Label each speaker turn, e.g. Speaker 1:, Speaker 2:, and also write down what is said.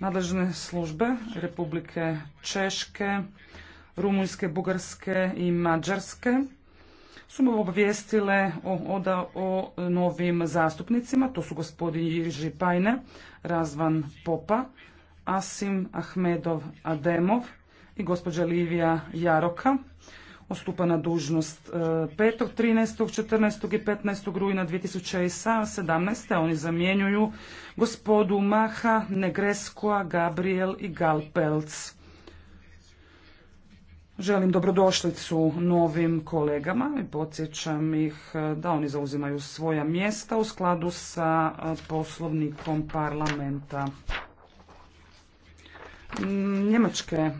Speaker 1: Nadležne službe Republike Češke, Rumunjske, Bugarske i Mađarske su mu obavijestile o, o novim zastupnicima. To su gospodin Jiži Pajne, Razvan Popa, Asim Ahmedov Ademov i gospođa Livija Jaroka stupa na dužnost 5., 13., 14. i 15. rujna 2017. Oni zamjenjuju gospodu Maha, Negreskoa, Gabriel i Galpelc. Želim dobrodošlicu novim kolegama i podsjećam ih e, da oni zauzimaju svoja mjesta u skladu sa e, poslovnikom parlamenta. Njemačke